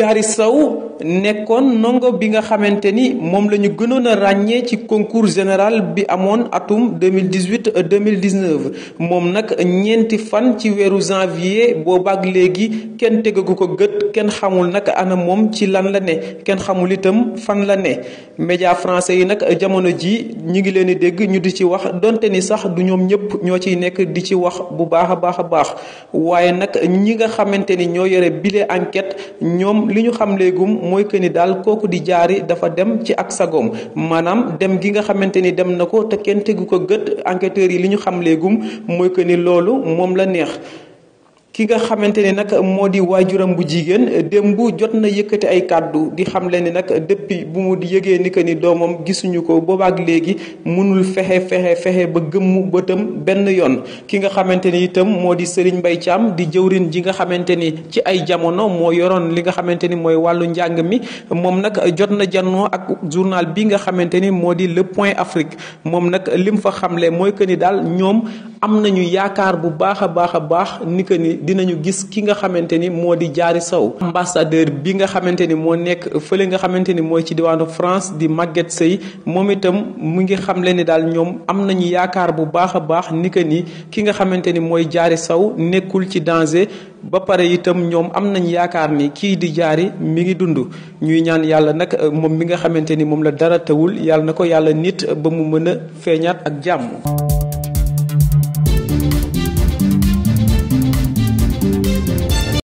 de Harissau nekkoon nongo bi nga xamante ni moom la ñu gënoon a ràññee ci concours général bi amoon atum 2018 2019 moom nag ñeenti fan ci weeru janvier boobaak léegi kenn tegagu ko gët kenn xamul nag ana moom ci lan la ne kenn xamul itam fan la ne média français yi nag jamono ji ñu ngi leen di dégg ñu di ci wax donte ni sax du ñoom ñëpp ñoo ciy nekk di ci wax bu baax a baax a baax waaye nag ñi nga xamante ni ñoo yore bile enquête ñoom li ñu xam léegum mooy que ni daal kooku di jaari dafa dem ci ak sagoom maanaam dem gi nga xamante ni dem na ko te kenn tegu ko gët enquêteurs yi li ñu gum mooy que ni loolu moom la neex ki nga xamante ne nag moo di waajuram bu jigéen démb jot na yëkkati ay kàddu di xam leen ni nag depuis bu mu yëgee ni que ni doomam gisuñu ko boobaak léegi mënul fexe fexe fexe ba gëmm bëtam benn yoon ki nga xamante ni itam moo di Serigne Mbaye Thiam di jëwrin ji nga xamante ni ci ay jamono moo yoroon li nga xamante ni mooy wàllu njàng mi moom nag jot na jannoo ak journal bi nga xamante ni moo di Le Point Afrique moom nag lim fa xamle mooy que ni daal ñoom am nañu yaakaar baax a baax dinañu gis ki nga xamante ni moo di jaari saw ambassadeur bi nga xamante ni moo nekk fële nga xamante ni mooy ci diwaanu France di màgget Seye moom itam mu ngi xam le ni daal ñoom am nañu yaakaar bu baax a baax ni que ni ki nga xamante ni mooy jaari saw nekkul ci danger ba pare itam ñoom am nañ yaakaar ni kii di jaari mi ngi dund ñuy ñaan yàlla nag moom mi nga xamante ni moom la dara tawul yàlla na ko yàlla nit ba mu mën a feeñaat ak jàmm